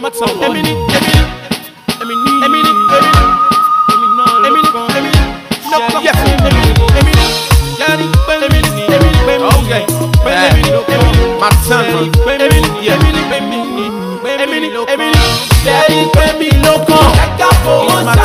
Let me let me let me let me let me let me no yes let me let me Daddy let me let me let me okay let me my son let me yeah let me let me let me Daddy let me loco it's my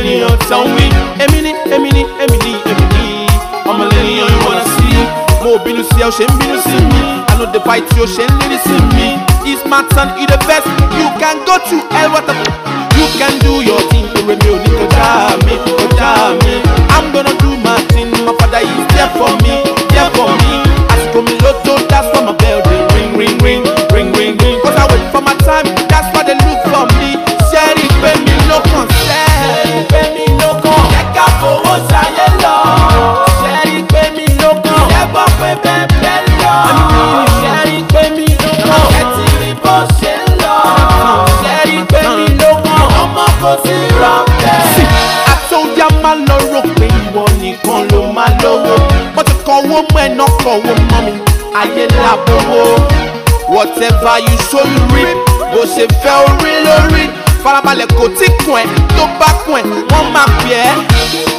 Oh, lady sound me. Emini, Emini, Emini, Emini. I'm a lady you wanna see. Mo binu see how shen binu see me. I know the bite yo oh, shen lady see me. He's my son, he the best. You can go to hell, what the f- You can do your thing, you remain, you need to whatever you sow you reap bó ṣe fẹ́ orí lórí farabalẹ̀ kò tí kùn ẹ́ tó bá kùn ẹ́ wọ́n máa pè ẹ́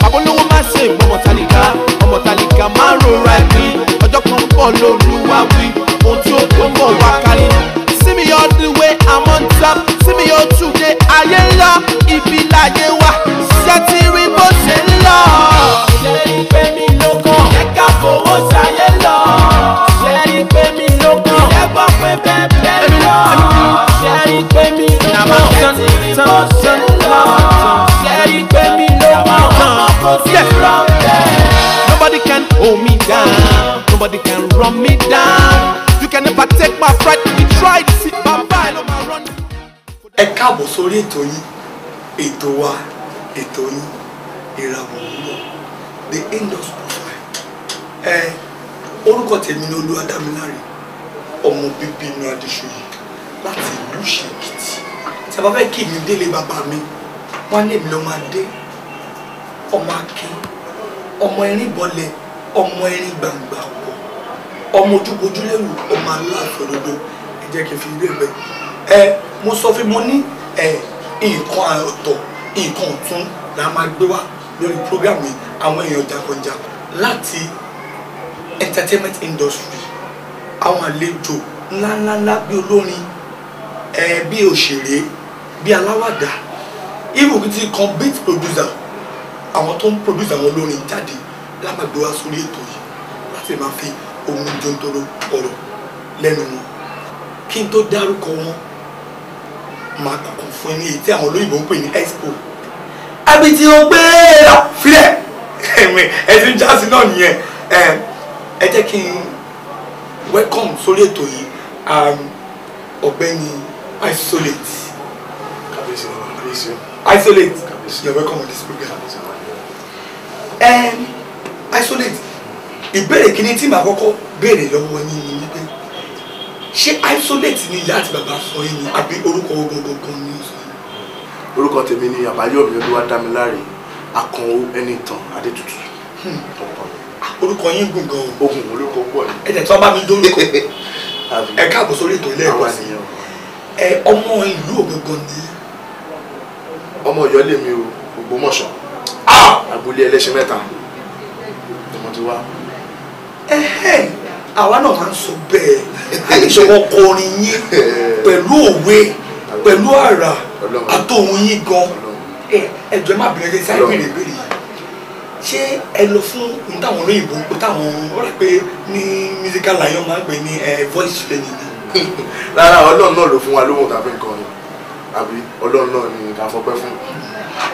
babolówó má ṣe ìmọ̀mọ̀ tálíkà ọmọ tálíkà má rora ẹ̀mí ọjọ́ kan bọ̀ lóluwà wí ohun tí ó tó mọ̀ wá kárí see me all the way I'm on top see me all today I ayé ńlá ibi láyé wá ṣẹ́tì. yí pé mi ló máa tán Nobody can hold me down, nobody can run me down. You can never take my pride to be tried. See bàbá ẹ̀ ló máa run. Ẹ káàbọ̀ sórí ètò yìí, ètò wa, ètò yìí, ìràwọ̀ òwúrọ̀, the industry profile. Ẹ orúkọ tèmi ni Olúwadámiláre, ọmọ bíbí inú Adéṣoyè láti ìlú ṣèkìtì tí a bá fẹ́ kí èmi délé bàbá mi wọ́n lè mi lọ máa dé ọmọ akin ọmọ erin bọlẹ̀ ọmọ erin gbàngbà wọ̀ ọmọ ojúbojú lẹ́rù ọmọ aláàfin òdodo ẹ jẹ́ kí n fi ilé rẹ̀ ẹ mo sọ fún mo ní ẹ nǹkan ọ̀tọ̀ nǹkan ọ̀tún la máa gbé wá lórí program yìí àwọn èèyàn jagunjagun láti entertainment industry àwọn àlejò ńláńláńlá bíi olórin ẹ bí òṣèré bí aláwàdà even kí ti kan beat producer àwọn tó ń produce àwọn olórin jáde lápàgbé wá sórí ètò yìí láti máa fi ohun jòǹtòrò ọ̀rọ̀ lẹ́nu wọn kí n tó dárúkọ wọn máa kọ́kọ́ fún ní èyí tí àwọn olóyìnbó ń pè ní expo àbí tí ó gbé lọ filẹ̀ ẹ̀mí ẹ̀sìn jáàsì náà nìyẹn ẹ jẹ́ kí n welcome sórí ètò yìí um, ọ̀gbẹ́ni. Um, isolate. Isolate. You're welcome on this program. Um, isolate. Ìbéèrè kìíní tí màá kọ́kọ́ béèrè lọ́wọ́ yín ni wípé ṣé isolate ni ìyá àti bàbá sọ yín ni àbí orúkọ gbogbogbò ni ó sọ yín? Orúkọ tèmi ni Àbáyọ̀mí Olúwadámiláre Akànwó Ẹnìtàn Adétutù. Hmm. Orúkọ yín gùn gan o. Ogun olórúkọ pọ̀ ni. Ẹ̀jẹ̀ tí wọ́n bá mi dórúkọ. Ẹ káàbọ̀ sórí ètò ilé ẹ̀kọ́ sí ẹ ọmọ ìlú Ògbómọ̀ṣọ́ ni. ọmọ Ọ̀yọ́ lèmi o Ògbómọ̀ṣọ́ ah! abúlé ẹlẹ́ṣin mẹ́ta ọmọ ti wá. àwa náà máa ń sọ bẹ́ẹ̀ àìṣọwọ́ kọrin yín pẹ̀lú òwe pẹ̀lú àrà àtòhun yín gan ẹjọ́ má bẹ̀rẹ̀ lẹ́sẹ̀ àìbèrè ìbéèrè yìí ṣé ẹ lọ fún ní táwọn olóyìnbó táwọn ó rà pé ní musical lion máa ń pè ní voice training ni. rárá ọlọ́run náà ló fún wa lóhùn tàbí nǹkan ni àbí ọlọ́run náà ni ká fọpẹ́ fún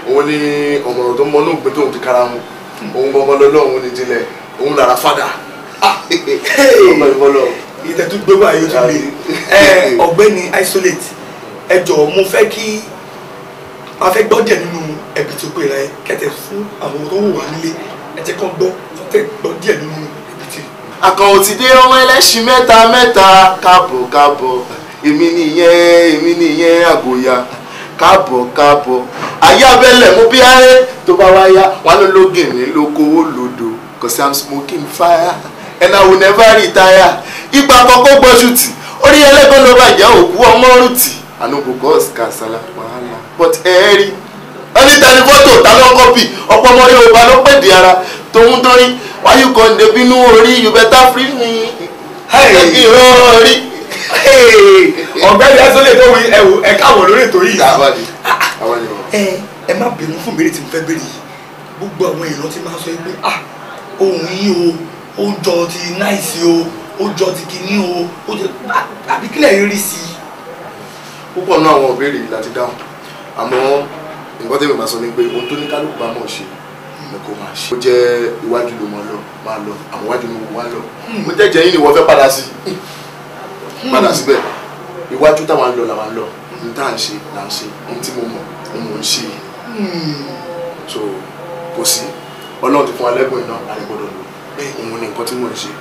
òun ní ọ̀mọ̀ràn tó mọ inú gbẹ́tòun ti kára mu òun gbọ́ngàn lọ́lọ́run ní tilẹ̀ òun lára fada ìtẹ̀tù gbé wa yóò tún lè ọ̀gbẹ́ni isolate ẹ mo fẹ́ kí a fẹ́ gbọ́ díẹ̀ nínú ẹ̀bí tó pè rẹ kẹtẹ̀ fún àwọn tó wù wá nílé ẹ jẹ́ kán gbọ́ kọ́tẹ̀ gbọ́ díẹ̀ nínú àkànwò ti dé ọmọ ẹlẹ́ṣin mẹ́ta mẹ́ta káàbọ̀ káàbọ̀ èmi nìyẹn èmi nìyẹn àgòyà káàbọ̀ káàbọ̀ ayé abẹ́lẹ̀ mú bí ayé tó bá wá yá wọn ló lógìnrín lóko ó lòdò cause i'm smoking fire and i will never retire ipa àkọ́kọ́ gbọ́sùtì orí ẹlẹ́gbọ́n ló bàjẹ́ òkú ọmọ rùtì ànúgbòkọ́ kàṣálà wàhálà but ẹ̀ẹ́rì ẹni tẹlifọ́tò ta ló ń kọ́pì ọ̀pọ̀ ọmọ Yorùbá ló pèdè ara tòun tó why you kàn dé bínú orí you better free me ìran orí. ọ̀gbẹ́ni asọ́lé tó wí ẹ̀wò ẹ̀ka wọ̀ lórí ètò yìí. ẹ má bínú fún béèrè tí mo fẹ́ béèrè yìí gbogbo àwọn èèyàn ti máa sọ pé ah ohun yìí o ó jọ ti náìsì o ó jọ ti kinní o ó jẹ àbí kílẹ̀ yìí rí sí i. púpọ̀ náà àwọn ìbéèrè yìí la ti dáhùn àmọ́ nǹkan tẹ́lẹ̀ máa sọ ni pé ohun tó ní kálukú bá mọ̀ ṣe ni kò máa ṣe. ó jẹ́ iwájú ló mọ lọ máa lọ àwọn iwájú ló wá lọ. Hmm. mo jẹ́jẹ́ yín ni wọ́n fẹ́ padà sí hmm. Hmm. padà síbẹ̀ iwájú táwọn lọ làwọn lọ n tá à ń ṣe là ń ṣe n tí mo mọ̀ n mò ń ṣe so kò sí ọlọ́run ti fún wa lẹ́gbọ̀n iná àrègbọ́dọ̀ lò òun ni nǹkan tí mò ń ṣe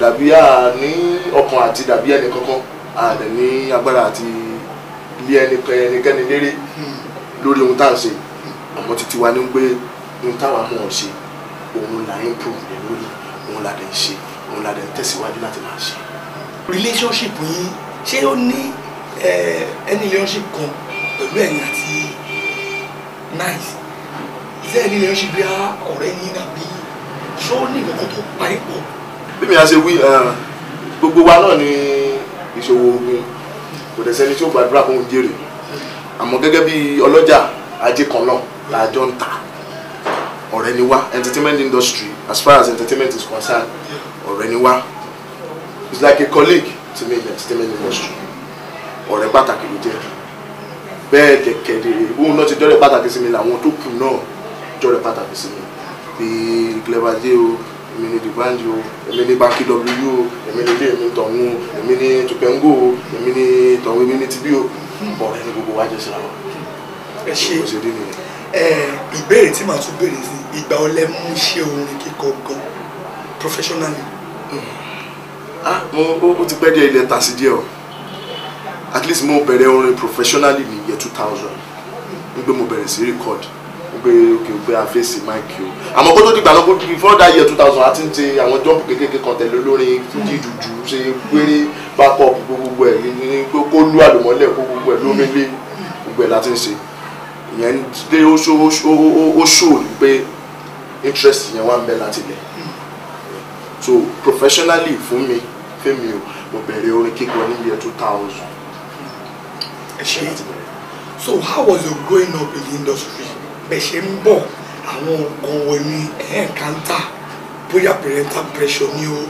dàbí a ní ọkàn àti dàbí ẹnì kankan a dẹ̀ ní agbára àti ilé ẹnikẹ́ni lérè lórí ohun tá à ń ṣe àmọ́ títí wa ní pé ohun táwa mọ̀ ọ́n ṣe òun là ń improve lé lórí òun là dẹ̀ ń ṣe òun là dẹ̀ ń tẹ̀síwájú láti máa ṣe. relationship yín ṣé ó ní any relationship kan pẹ̀lú ẹ̀yin àti nice is there any relationship bí ọ̀rẹ́ yín àbí ṣó ní ìkọ̀kọ̀ tó pa ẹ̀ pọ̀. bí mi á ṣe wí gbogbo wa náà ni ìṣòwò ogun kò dẹ̀ sẹ́ni tí ó gbàdúrà kó ń jèrè àmọ́ gẹ́gẹ́ bí ọlọ́jà ajé kan náà làjọ ń ọ̀rẹ́ ni wá entertainment industry as far as entertainment is concerned ọ̀rẹ́ ni wá it's like a colleague to me in the entertainment industry ọ̀rẹ́ pàtàkì ló jẹ́ bẹ́ẹ̀ dẹ̀kẹ̀dẹ̀ òun náà ti jọ́rẹ̀ pàtàkì sí mi làwọn tó kù náà jọ́rẹ̀ pàtàkì sí mi bíi cleverjé o èmi ni dìbàndì o èmi ni banki w o èmi ni ilé èmi tọ̀hún o èmi ni tupẹ́ngò o èmi ni tọ̀hún èmi ni tibí o ọ̀rẹ́ ni gbogbo wa jẹ́ síra wa ẹ ṣe Eh, ìbéèrè tí màá tún béèrè sí ìgbà ọlẹ́ mú ṣe orin kíkọ gan professionally. ó ah, ti pẹ́ díẹ̀ ilẹ̀ ta sí díẹ̀ o at least mo bẹ̀rẹ̀ orin professionally ní year two thousand nígbà mo bẹ̀rẹ̀ sí record gbé òkè ògbé àfẹ́sì máìkì o àmọ́ kó tó dìgbà náà before that year two thousand a ti ń ṣe àwọn jọ́ọ̀pù kékeré kan tẹ̀lé olórin fújì dùdú ṣe gbére bápọ̀ gbogbo ẹ̀ kó lú àlùmọ́lẹ̀ kó gbogbo ẹ̀ lómi lé gbogbo ẹ̀ la ti ń ṣe yẹn dé ó ṣòwò ní pé interest yẹn wà ń bẹ láti lẹ̀ so professionally fún mi fún mi o mo bẹ̀rẹ̀ orin kíkọ ní year two thousand. ẹ ṣe so how was your growing up in the industry bẹ́ẹ̀ ṣe ń bọ̀ àwọn nǹkan wo ni ẹ̀ ń kàn ta bóyá parental pressure ni o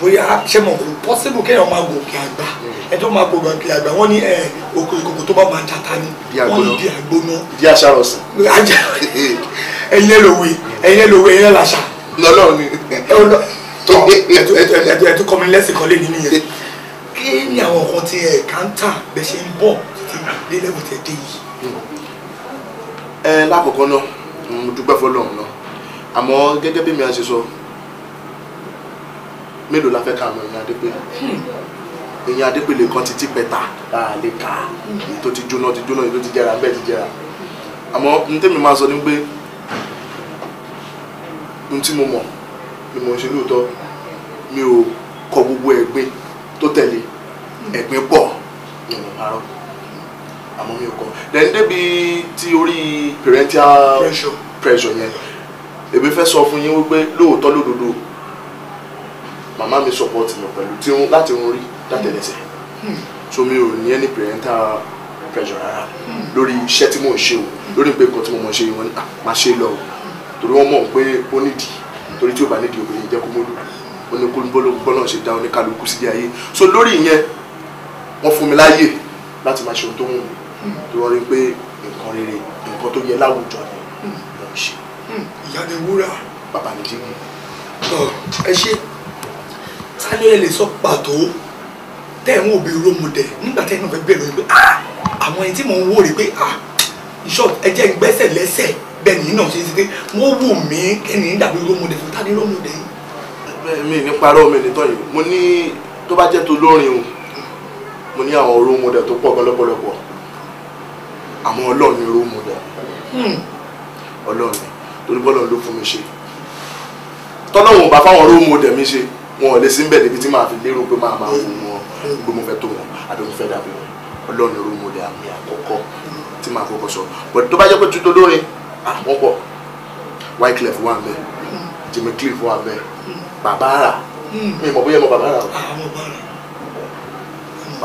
bóyá ṣé mo kò possible kéèyàn máa gòkè àgbà mm. ẹ tó máa gòkè àgbà wọ́n ní ẹ òkè ìkòkò tó bá máa jata ni wọ́n ní di àgbóná di aṣàròsìn ẹ̀yin ẹlòwe ẹ̀yin ẹlòwe ẹ̀yin ẹlàṣà lọ́lọ́run ni ẹ̀tún kọ́mi lẹ́sìn kan lé ní nìyẹn kí ni àwọn nǹkan tí ẹ̀ ká ń tà bẹ́ẹ̀ ṣe ń bọ̀ dé lẹ́wọ̀n tẹ̀ dé yìí. ẹ lákòókò náà mo dúpẹ́ fọlọ́run náà àmọ́ gẹ́gẹ́ bí mi á ṣe sọ mélòó la fẹ́ ka àwọn èèyàn adépele èèyàn hmm. adépele kan ti ti pẹ̀ta lè ka hmm. èyí tó ti jóná ti jóná èyí tó ti jẹrà bẹ́ẹ̀ ti jẹrà àmọ́ n tẹ́mi máa sọ ni pé n tí mo mọ̀ ni mo ń ṣe lóòótọ́ mi ò kọ gbogbo ẹ̀gbin tó tẹ̀lé hmm. ẹ̀gbin pọ̀ ni mo parọ́ àmọ́ mi ò kọ́ then débi ti orí parental pressure yẹn èmi fẹ́ sọ fún yín wípé lóòótọ́ lódodo màmá mi support mi pẹ̀lú tí ń láti ń rí látẹ̀lẹsẹ̀ hmm. hmm. so mi ò ní any parental pressure rárá hmm. lórí iṣẹ́ tí mò ń ṣe o lórí pé nǹkan tí mo mọ̀ ṣe wọn ah, máa ṣe lọ o torí wọ́n mọ̀ pé ó nídìí torí tí ó bá nídìí obìnrin jẹ́ kó mólú ó ní kó bọ́lọ̀ ṣe dá oníkálukú sílé ayé so lórí ìyẹn wọ́n fún mi láàyè láti máa ṣe ohun tó wù mí tó wọ́n rí pé nǹkan rere nǹkan tó yẹ láwùjọ ni mo ń ṣe. ìyá ni wúrà bàbá ni dígí. Oh, ẹ ṣe sani ẹ lè sọ pàtó tẹ́ òbí rómu dẹ̀ nígbà tẹ́ fẹ́ bẹ̀rẹ̀ lórí pé ah! àwọn ẹni tí mò ń wò rí pé ah! ìṣọ́ọ̀bù ẹ gbẹ́sẹ̀ lẹ́sẹ̀ bẹ́ẹ̀ ni náà ṣe ń ṣe wọ́n wù mí kẹ́ni dàbí rómu dẹ̀ fún tani rómu dẹ̀ mi ní parọ́ mi ní tọ́yìn mo ní tó bá jẹ́ tó lórin o mo ní àwọn rómu dẹ̀ tó pọ̀ gan lọ́pọ̀lọpọ̀ àmọ́ ọlọ́run dẹ̀ hmm. ọlọ́run torí bọ́lọ̀ ló fún mi ṣe tọ́lọ́run bá fáwọn rómu dẹ̀ mi ṣe wọn ò lè sí níbẹ̀ débi tí màá fi lérò pé màá máa fún mm. wọn pé mo fẹ́ tó wọn àbí mo fẹ́ dàbí wọn ọlọ́run ló mo lè àmì àkọ́kọ́ tí màá kọ́kọ́ sọ bọ̀ tó bá jẹ́ pé tuntun lórin àwọn pọ̀ Wyclef wà ń Jimmy Cliff wà ń bẹ̀ bàbá rà mi mọ̀ bóyá mo bàbá rà o ah, mm.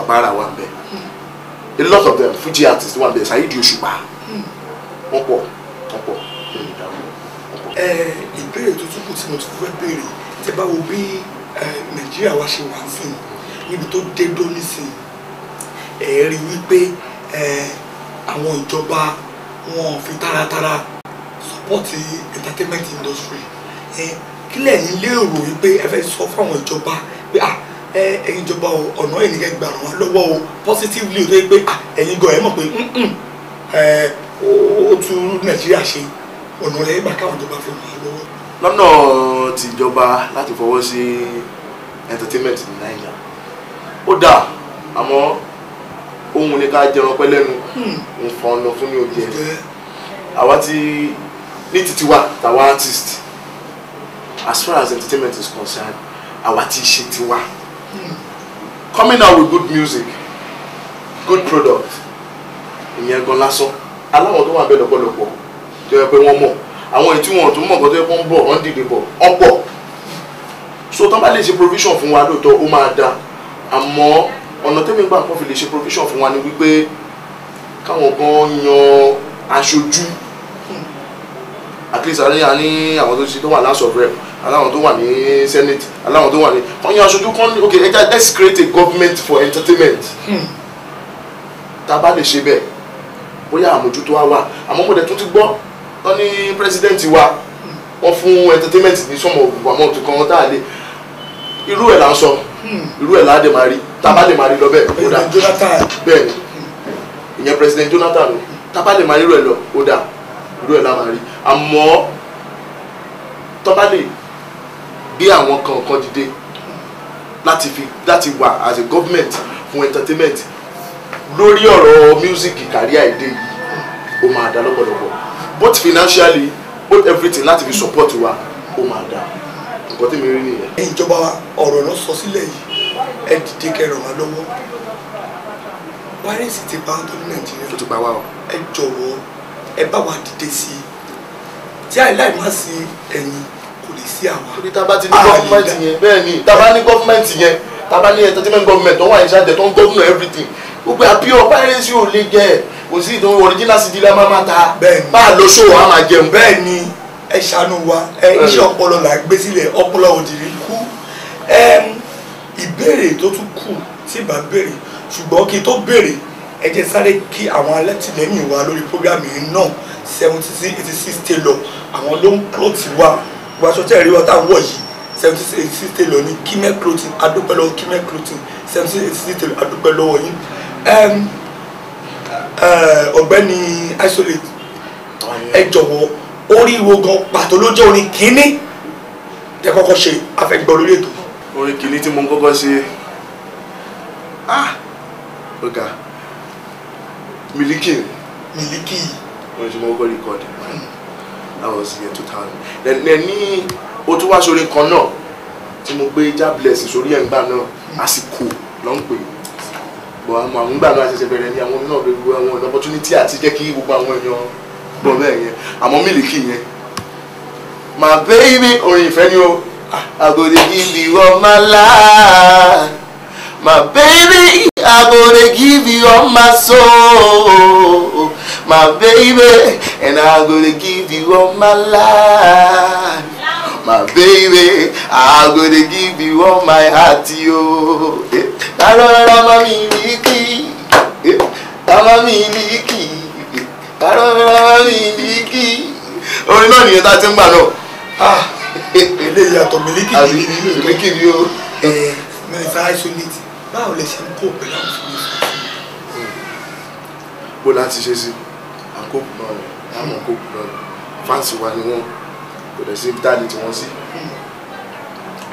wà ń mm. a lot of them Fuji artists wà ń bẹ̀ Saheed Òṣùpá wọ́n pọ̀ wọ́n pọ̀ eh, ìbéèrè tuntun kù tí mo ti fẹ́ béèrè tẹ́ bá wo bí nàìjíríà wa ṣe wà sí níbi tó dé dó nísìn ẹ rí wípé àwọn ìjọba wọn fi taratara support entertainment industry kílẹ̀ yín lérò wípé ẹ fẹ́ sọ fáwọn ìjọba pé ah ẹ̀yin ìjọba ọ̀nà ẹ̀nìkẹ́ gbà wọ́n lọ́wọ́ o positively o tó yẹ pé ah ẹ̀yin gan ẹ̀ mọ̀ pé ó tún nàìjíríà ṣe ọ̀nà ẹ̀ bá káwọn ìjọba fi wọ́n lọ́wọ́. lọ́nà ti ìjọba láti fọwọ́ sí entertainment ní Naija ó dáa àmọ́ ohun ni ká jẹran pẹ́ lẹ́nu ń fa ọ̀nà fún ní oúnjẹ àwa ti ní títí wa tàwa artist as far as entertainment is concerned àwa ti ṣe tiwa hmm. coming out with good music good product ìyẹn gan lásán aláwọ̀ tó wà bẹ́ẹ̀ lọ́pọ̀lọpọ̀ tó yẹ pé wọ́n mọ̀ àwọn ètí wọn tó mọ̀ nǹkan tó yẹ kó ń bọ̀ wọ́n dìde bọ̀ ọ̀pọ̀ so tán bá lè ṣe provision fún wa lóòótọ́ ó máa da àmọ́ ọ̀nà tẹ́mi gbà kó fi lè ṣe provision fún wa ni wípé káwọn kan yan aṣojú at least àríyá ní àwọn tó ṣe tó wà last of rep aláwọn tó wà ní senate aláwọn tó wà ní wọ́n yan aṣojú kan ok ẹ jẹ́ let's create a government for entertainment hmm. tá a bá lè ṣe bẹ́ẹ̀ bóyá àmójútó wa wà àmọ́ mo dẹ̀ tún ti gbọ́ tán ní president wa wọ́n fún entertainment ní sọ́mọ̀ ògùnkùn àmọ́ òtún kan tá a lè irú ẹ̀ là ń sọ irú ẹ̀ là á dẹ̀ máa rí tá lè máa rí lọ bẹ́ẹ̀ ó dà ìyẹn president Jonathan o tá a bá lè máa rí irú ẹ̀ lọ ó dà irú ẹ̀ là máa rí àmọ́ tó lè gbé àwọn kankan dìde láti fi láti wà as a government fún entertainment lórí ọ̀rọ̀ music career èdè yìí ó máa dá lọ́pọ̀lọpọ̀ both financially both everything láti fi support wa ó máa dá nǹkan tí mi rí nìyẹn. ẹ̀yin ìjọba ọ̀rọ̀ náà sọ sílẹ̀ yìí ẹ dìde kẹrọ wa lọ́wọ́ wáyẹ̀sì ti pa tó ní nàìjíríà tó ti pa wá o. ẹ jọ̀wọ́ ẹ bá wa dìde sí i tí àìláì má sí ẹ̀yin kò lè sí àwa. torí tá a bá ti ní gọ́fúmẹ̀ntì yẹn bẹ́ẹ̀ ni tá ní gọ́fúmẹ̀ntì yẹn tá a bá ní entertainment government tó wà ní ṣáàjẹ tó ń governor everything gbogbo àbí ọ piracy ò lè kò sí ìdánwò original cd la máa ta bá a lọ ṣòwò a máa jẹun. bẹ́ẹ̀ ni ẹ ṣàánú wa ẹ iṣẹ́ ọpọlọ là ń gbé sílẹ̀ ọpọlọ òdìrí kú ìbéèrè tó tún kù tí bá béèrè ṣùgbọ́n kí n tó béèrè ẹ jẹ́ sáré kí àwọn alátìlẹ́yìn wa lórí programme yìí náà seventy six eighty six tailor àwọn ló ń kúrò tí wà wọ́n aṣọ tẹ̀rí wọn táwọn wọ̀ yìí seventy six eighty six tailor ní kímẹ́ clothing adúpẹ́ lọ́wọ́ kímẹ́ clothing seventy six eighty six tailor adúpẹ́ lọ́wọ́ yìí. Eh, ọ̀gbẹ́ni isolate ẹ jọ̀wọ́ orí wo gan pàtó ló jẹ́ orin kínní tẹ kọ́kọ́ ṣe afẹ́gbẹ́ olórí ètò. orin kínní tí mo ń kọ́kọ́ ṣe ah ọ̀gá miliki miliki wọ́n ti mọ ọgbọ́n rìkọ́dì that was year two thousand then then ní o tún wá sórí kan náà tí mo gbé jabless sórí ẹ̀ ń gbà náà àsìkò ló ń pè é bọ̀ àwọn àwọn gbàgbọ́ àṣẹṣẹ bẹ̀rẹ̀ ni àwọn náà gbogbo àwọn opportunity àti jẹ́ kí gbogbo àwọn èèyàn gbọ́ bẹ́ẹ̀ yẹn àmọ́ mílìkì yẹn my baby orin ìfẹ́ ni o I go dey give you all my life my baby I go give you all my soul my baby and I go give you all my life my baby i go dey give you all my heart yo. karora eh, mami eh, liki mami liki karora mami liki. orin náà nìyẹn tá a ti ń gbà náà. eléyìí ah, àtọ̀ mílíkì yìí ni mílíkì ni o. Eh, mẹ́rìndínlá isolate báwo lẹ ṣe ń kó pẹ̀lú àwọn fúnmi fún mi. bó láti ṣe sí àkókò náà ni àwọn àkókò náà ni fáǹsì wa ni wọ́n kò dẹ̀ sí dáàdi tí wọ́n sí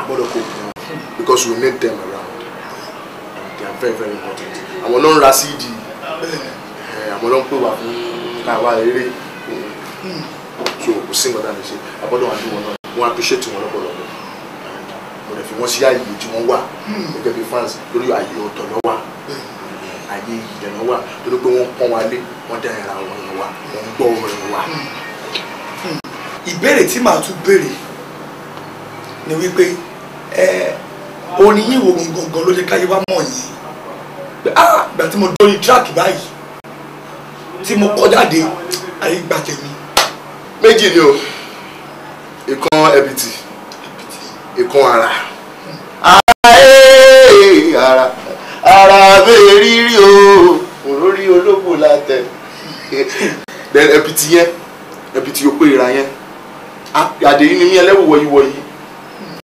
agbọ́dọ̀ kò kù wọn because we need them around and they are very very important àwọn náà ń ra cd eh, àwọn náà ń pè wá fún káwa eré so kò sí nǹkan tá a lè ṣe agbọ́dọ̀ wà ní wọn náà wọ́n appreciate wọn lọ́pọ̀lọpọ̀ mo lè fi wọ́n sí ààyè tí wọ́n wà gẹ́gẹ́ bí fans lórí ààyè ọ̀tọ̀ lọ wà ààyè ìdẹ̀nà wà torí pé wọ́n pọ́n wa lé wọ́n dá ẹ̀ra wọn wà wọ́n gbọ́ orin wa ìbéèrè tí màá tún béèrè ni wípé ẹ orin yìí wo gangan ló jẹ́ káyé wá mọ̀ yìí pé ah ìgbà tí mo dórí track báyìí tí mo kọ jáde ayé gbà tèmi. méjì ni o ìkan ẹbìtì ìkan ara ara ara mi rírí o òrórí ológun la tẹ ẹbìtì yẹn ẹbìtì yóò pé ìra yẹn àdéhìn ni mí ẹlẹ́wù wọ̀nyí wọ̀nyí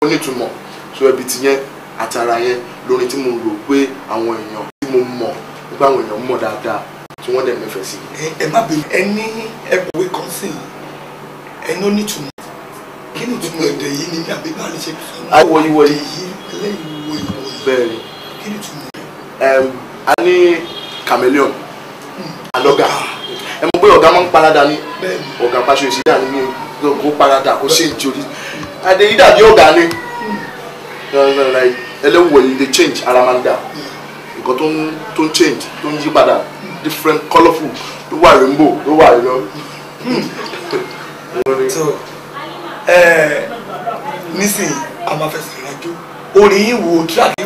ó nítumọ̀ so ẹbí ti yẹn àtàrà yẹn lórin tí mo rò pé àwọn èèyàn tí mo mọ̀ nígbà àwọn èèyàn mọ̀ dáadáa tí wọ́n dẹ̀ mẹ́fẹ̀ẹ́ sí. ẹ má bẹ ẹ ní ẹkùwé kan sí i ẹ ní ó nítumọ̀ kí ni ìtumọ̀ èdè yìí ni àbí bá lè ṣe fi sọ. wọ̀nyí wọ̀nyí ẹlẹ́yìn wọ̀nyí wọ̀nyí bẹ́ẹ̀ ni kí ni ìtumọ̀ a chameleon alọ́gà. Hmm. Ah ẹ mọ̀ pé ọ̀gá máa ń parada ní ọ̀gá pàṣẹ òṣìṣẹ́ àní ní kó parada kó ṣe ìjòrí adéyí dàbí ọ̀gá ni ẹlẹ́wọ̀ yìí dey change ara máa ń dà nǹkan tó ń change tó ń yí padà different colourful ló wà rainbow ló wà yọ. so eh, nísìnyí a máa fẹsẹ̀ rajó orin yìí wo tíráàkì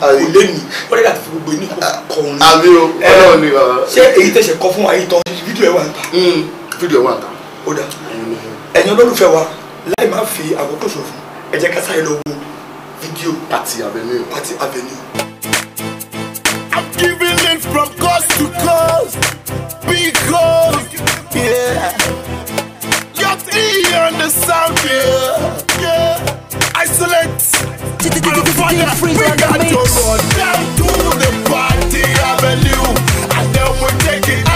kò lé mi ó lè dàtí gbogbo ní kò kọrin. àbí o ni bàbá. ṣé èyí tẹ̀sẹ̀ kọ fún wa yìí tán fídíò ẹ̀ wà ń ta. Hmm, fídíò ẹ̀ wà ń ta. ó dà ẹ̀yin olólùfẹ́ wa láì má fi àkókò ṣòfò ẹ jẹ́ ká sáré lọ wo fídíò. Party Avenue. Party Avenue. I'm giving it from coast to coast because yeah. You're the sound, yeah. Isolate. I'm fire. We got to run down to the party avenue. And then we take it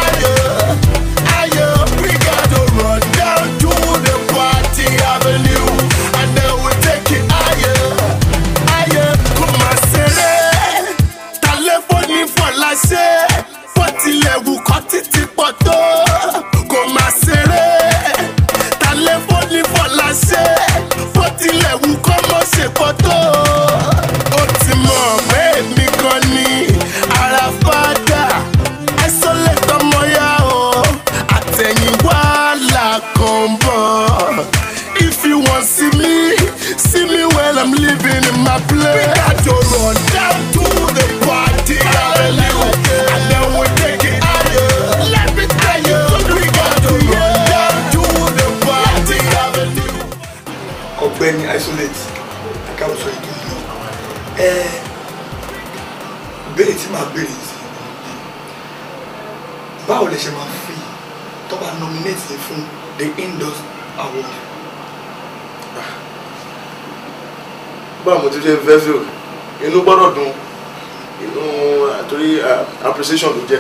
Uh, appreciation ló jẹ́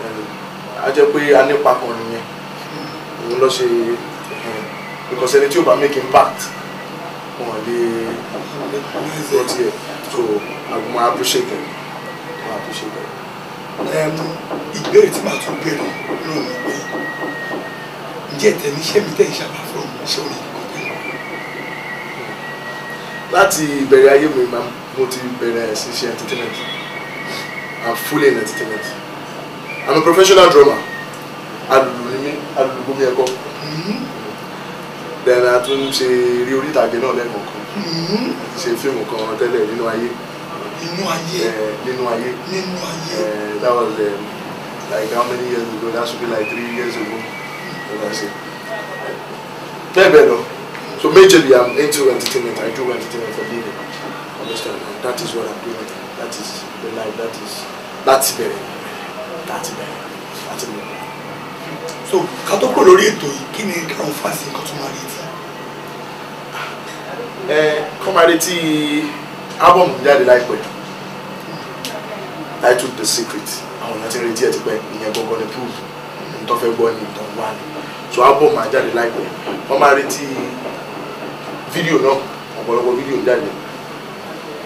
um, a jẹ́ pé a nípa kan nìyẹn òun lọ ṣe um, because ẹni tí ò bá make impact wọn lè lọ tiẹ̀ so àgùnmọ̀ appreciate them wọn appreciate them. Um, ìbéèrè tí màá tún béèrè lónìí pé ǹjẹ́ tẹ̀lé iṣẹ́ mi tẹ̀ ìṣàbà fún mi sórí láti ìbẹ̀rẹ̀ ayé mi mo ti bẹ̀rẹ̀ sí ṣe entertainment I'm fully in entertainment. I'm a professional drummer. Alùlùmí alùlùmí ẹ̀kọ́. Mm-hmm. Then I a tún ṣe rí orí ìtàgé náà lẹ́ẹ̀kọ̀ọ̀kan. Mm-hmm. Ṣe fíìmù kan tẹ́lẹ̀ nínú ayé. Nínú ayé. Eh, nínú ayé. Nínú ayé. Eh, that was um, like how many years ago? That should be like three years ago. Bẹ́ẹ̀ bẹ́ẹ̀ lọ. So majorly I'm into entertainment. I do entertainment for living. Understand? That is what I'm doing that is the life that is láti bẹ̀rẹ̀ láti bẹ̀rẹ̀ láti bẹ̀rẹ̀. so ká tó kúrò lórí ètò yìí kí ni káwọn fásitì kan tún máa retí. ẹ kọ́ máa retí ábọ̀mù jáde láìpẹ́ titled the secret àwọn èèyàn ti retí ẹ ti pẹ́ ìyẹn gbọ́ngàn ni proof nítorí fẹ́ gbọ́ ni ìtàn wà ní so ábọ̀mù á jáde láìpẹ́ wọ́n máa retí fídíò náà ọ̀pọ̀lọpọ̀ fídíò jáde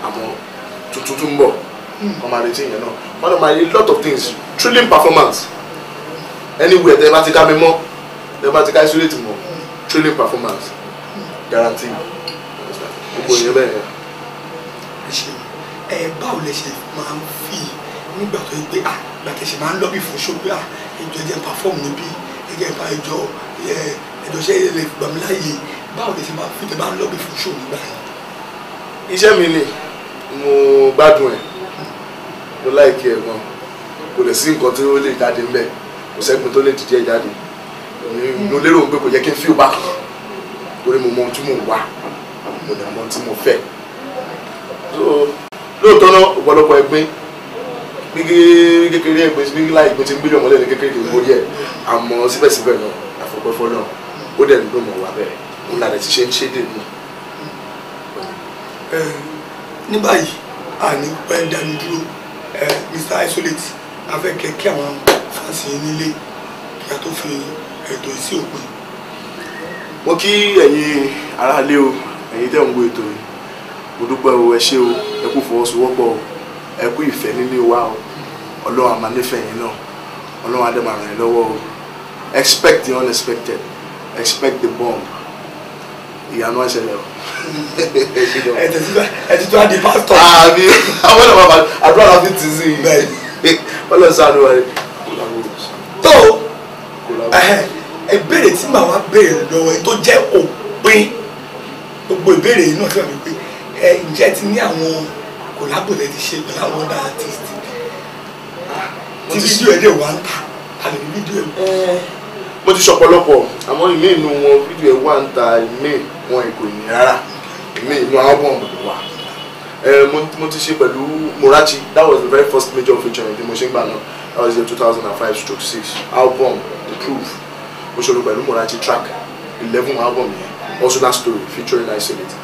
àmọ́ tuntun tó ń bọ̀ hmm. ọmọ àrètí yẹn náà wọn náà máa yí lot of things thrilling performance anywhere tẹ bá ti ká mi mọ́ tẹ bá ti ká isolate mọ́ hmm. thrilling performance hmm. guarantee gbogbo ìyẹn bẹ́ẹ̀ yẹn. ẹ báwo lè ṣe máa ń fi nígbà tó yẹ pé ah gbàtẹ̀ ṣe máa ń lọ́bì fún ṣó pé ah ìjọ jẹ́ perform níbí ẹ̀jẹ̀ ìpa ìjọ ẹ̀jọ̀ ṣe lè gbàmíláyè báwo lè ṣe máa fi tẹ̀ máa ń lọ́bì fún ṣó nígbà yẹn. iṣẹ́ mi ni mo gbádùn ẹ̀ mo láìkí ẹ̀ gan kò lè sí nǹkan tó lè jáde ńbẹ̀ kò sẹ́gun tó lè dìde jáde mo lérò pé kò yẹ kí n fíw bákan torí mo mọ ohun tí mo wà mo dà mọ ohun tí mo fẹ́ lóòótọ́ náà ọ̀pọ̀lọpọ̀ ẹgbẹ́ gbígbé kékeré ẹgbẹ́ sí gbígbé láì gbé tí ń gbé lọ́mọlẹ́ ní kékeré kì í borí ẹ̀ àmọ́ síbẹ̀síbẹ̀ náà àfọ̀pẹ́fọ́ náà ó dẹ̀ ń dùn mọ̀ wá bẹ́ẹ̀ ń lára ti ṣe ń ṣe dè nù ní báyìí àní pẹ́ dánu dúró Mr Isolate afẹ́kẹ́ kí àwọn fáǹsì yìí nílé kí a tó fi ètò yìí sí òpin. mo kí ẹ̀yin aráalé o ẹ̀yin tẹ̀ ń wo ètò yìí mo dúpẹ́ o ẹ ṣé o ẹ kú fọwọ́sowọ́pọ̀ o ẹ kú ìfẹ́ nílé wa o ọlọ́run àmàlẹ́fẹ̀ yín náà ọlọ́run adẹ́màrán yín lọ́wọ́ o expect the unexpected expect the bomb ìyanu ẹsẹlẹ o. ẹtì tó a di pásítọ̀. àmì àwọn ọmọ bàbá àdúrà la fi tì sí i. bẹ́ẹ̀ wọ́n lọ sànù wa ni. tó ìbéèrè tí màá wá béèrè lọ́wọ́ tó jẹ́ òpin gbogbo ìbéèrè yìí náà fẹ́ràn pé ẹ ǹjẹ́ ti ní àwọn kòlábò lẹ́ ti ṣe pẹ̀lú àwọn ọ̀dà artist ah, tí fídíò ẹ̀ lè wá ń ta àlè fídíò ẹ̀. mo ti ṣọ̀pọ̀lọpọ̀ àmọ́ ìmí ìnú wọn fídíò ẹ̀ wá ń ta ìmí wọn kò yìn rárá èmi inú album ló wà mo ti ṣe pẹ̀lú Morachi that was the very first major feature bí mo ṣe ń gbà náà that was in two thousand and five stroke six album the proof mo ṣòro pẹ̀lú Morachi track eleven album yẹn also that story featuring isolate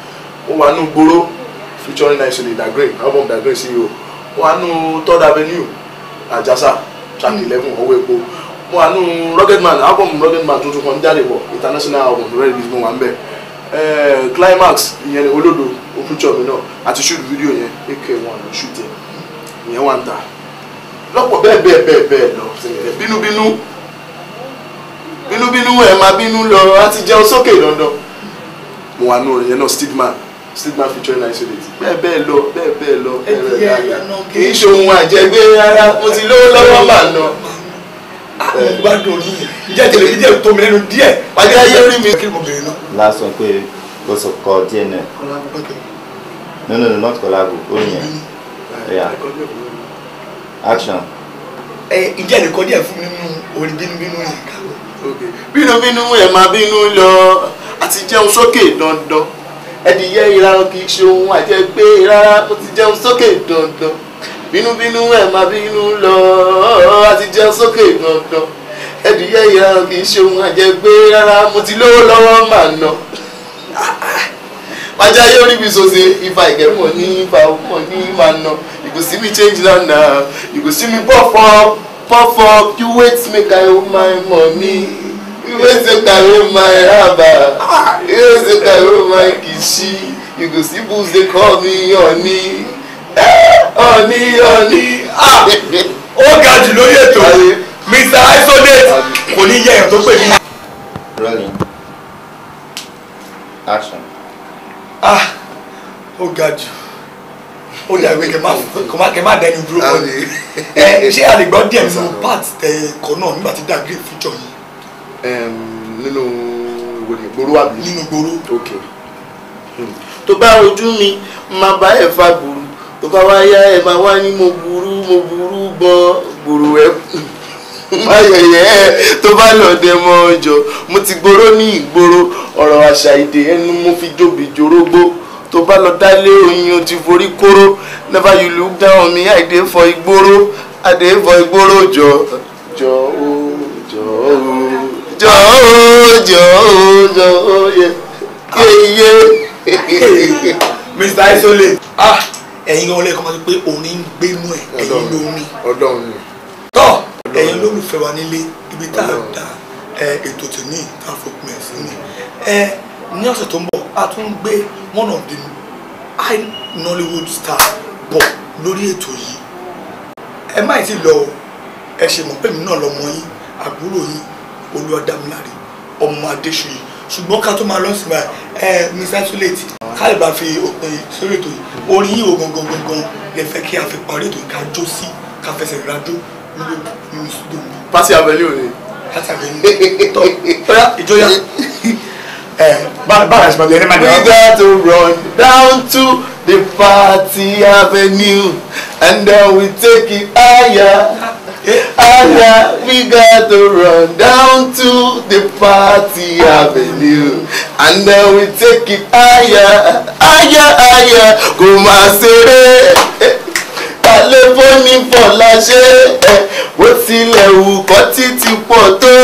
ó wà nù gbóró featuring isolate dagreen album dagreen ceo ó wà nù third avenue àjàsà track eleven ọwọ́ epo mo wà nù rocket man album rocket man tuntun kan jáde wọ international album rẹ release mo wà ń bẹ̀. Eh, climax ìyẹn olódo òkúńtsọ mi náà àti shoot video yẹn ak one ló shoot yẹn ìyẹn wà ń ta lọ́pọ̀ bẹ́ẹ̀ bẹ́ẹ̀ bẹ́ẹ̀ bẹ́ẹ̀ lọ bínúbínú bínúbínú ẹ̀ máa bínú lọ láti jẹun sókè dandan mo wà nù orin yẹn náà stigma stigma featuring isolate bẹ́ẹ̀ bẹ́ẹ̀ lọ bẹ́ẹ̀ bẹ́ẹ̀ lọ bẹ́ẹ̀ bẹ́ẹ̀ dáadáa kì í ṣe ohun àjẹgbé rárá mo ti lówó lọ́wọ́ mà náà bá dùn ní ìjẹ́ tẹ̀lé ìjẹ́ tó mi lẹ́nu díẹ̀ wájú ayé rí mi. lásán pé kò sọ kọ díẹ̀ náà. no no no not collabo ó yẹn. action. ìjẹ́ ẹ̀dẹ̀kọ́ díẹ̀ fún mi nínú orin bínúbínú yẹn kàwé. bínúbínú ẹ̀ máa bínú lọ àti jẹun sókè dandan ẹ̀dìyẹ ìlànà kì í ṣe ohun àjẹgbé e rárá ó ti jẹun sókè dandan bínúbínú ẹ̀ máa bínú lọ àti jẹun sókè gbọ̀ngàn ẹ̀dùyẹ ìyá kì í ṣe ohun àjẹgbé rárá mo ti lówó lọ́wọ́ màá nà pàjá yóò rí mi sose ifá ìgẹ̀mọ̀ ní ifá ọmọ ní màá nà you go see me change now now you go see me puff up puff up you wait make I hold my money you wait make I hold my haba you wait make I hold my kishi you go see bulls dey call me honey. Hey! ọ̀ní ọ̀ní ó ga jù lórí ètò Mr. Isolate kò ní yẹ èèyàn tó pè mí. rolling action. ah ó ga jù ó dàgbé kẹ má dẹni dúró wọn ẹ ṣé a lè gbọ́ díẹ̀ nínú part tẹ ẹ̀kọ́ náà nígbà tí dàgbé fíjọ yìí. nínú gbòòrò àbí. nínú gbòòrò. ok hmm. tó bá rojú mi máa bá ẹ̀ fa gbòòrò tó bá wá yá ẹ máa wá ní mo burú mo burú gan gbòòrò ẹ báyẹyẹ tó bá lọdẹ mọ ọjọ́ mo ti gbóró ní ìgboro ọ̀rọ̀ àṣà èdè ẹnu mo fi jòbì jorógbó tó bá lọ dálé oyin o ti forí kóró never you look down on me i dey for ìgboro i dey for ìgboro jọ jọ o jọ o jọ o jọ o jọ o yẹ yẹ Mr. Isole. ah ẹ̀yin gan ọlẹ́kọ̀ọ́ ti pé orin ń gbénú ẹ̀ ẹ̀yin lórin tọ́ ẹ̀yin olólùfẹ́ wa nílé ibi tá a dá ètò tèmi tá a fòpin ẹ̀ sí ni ní ọ̀sẹ̀ tó ń bọ̀ a tún gbé one of the high Nollywood star bọ̀ lórí ètò yìí ẹ má ti lọ ẹ ṣe mọ̀ pé mi náà lọmọ yín àbúrò yín Olúwadámiláre ọmọ Adéṣuyì ṣùgbọ́n ká tó máa lọ sí ma ẹ Mr. Tulate ká lè bá fi òpin sórí ètò yìí orin yìí o gangan gangan lè fẹ́ kí a fi parí ètò ká jó sí ká fẹsẹ̀ rajó nínú nínú studio. pàṣẹ abẹ́lé ò ní. pàṣẹ abẹ́lé tọ́ tọ́yà ìjọyà. ẹ eh, bára ṣe máa ẹni máa dẹ̀ we got to run down to the party avenue and then we take it higher. Aya, uh, we got to run down to the party avenue. And then we take it higher, higher, higher. Kò máa ṣeré. Àlébó ní Bọ̀lá ṣe. Bó tilẹ̀ wù kọ́ títí pọ̀ tó.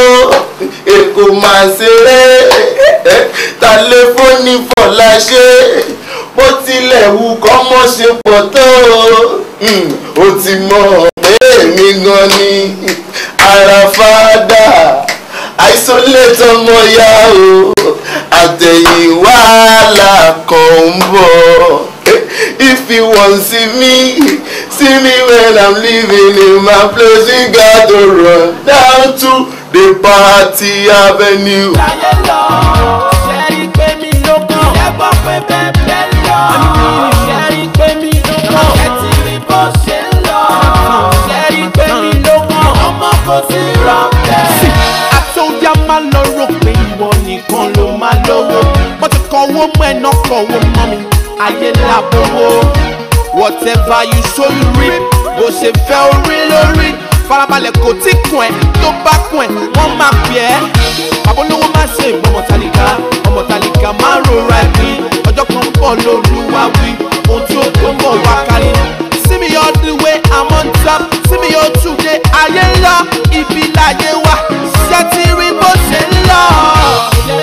Èkó máa ṣeré. Àlébó ní bó tilẹ̀ wù kọ́ mọ́ ṣe pọ̀ tó hmm, o ti mọ̀ pé èmi gan ni ara fada isolate ọmọ ya o àtẹ̀yìnwá làkàn ń bọ̀ if you wan see me see me when i'm living in my place you got to run down to the party avenue. sẹ́rí pé mi ló pọ̀ ẹtì rí bó ṣe ń lọ sẹ́rí pé mi ló pọ̀ ọmọ kò sí rọ́ọ̀tẹ̀. àtọ́jà máa lọ rò pé ìwọ nìkan ló máa lówó wọ́n ti kọ owó mọ́ ẹ̀ náà kọ owó mọ́ mi ayé làbọ̀wọ́ whatever you show you reap bó ṣe fẹ́ orí lórí farabalẹ̀ kò tí kùn ẹ̀ tó bá kùn ẹ̀ wọ́n máa pè é àbólówó má ṣe ìmọ̀mọ̀ tálíkà mọ̀tàlíkà máa ń rora ẹ̀mí ọjọ́ kan pọ̀ lóluwà wí ohun tí ó tó ń bọ̀ wá kalẹ̀. see me all the way I'm on top see me all today ayé ń lọ ibi láyé wá ṣé ti rí bó ṣe ń lọ.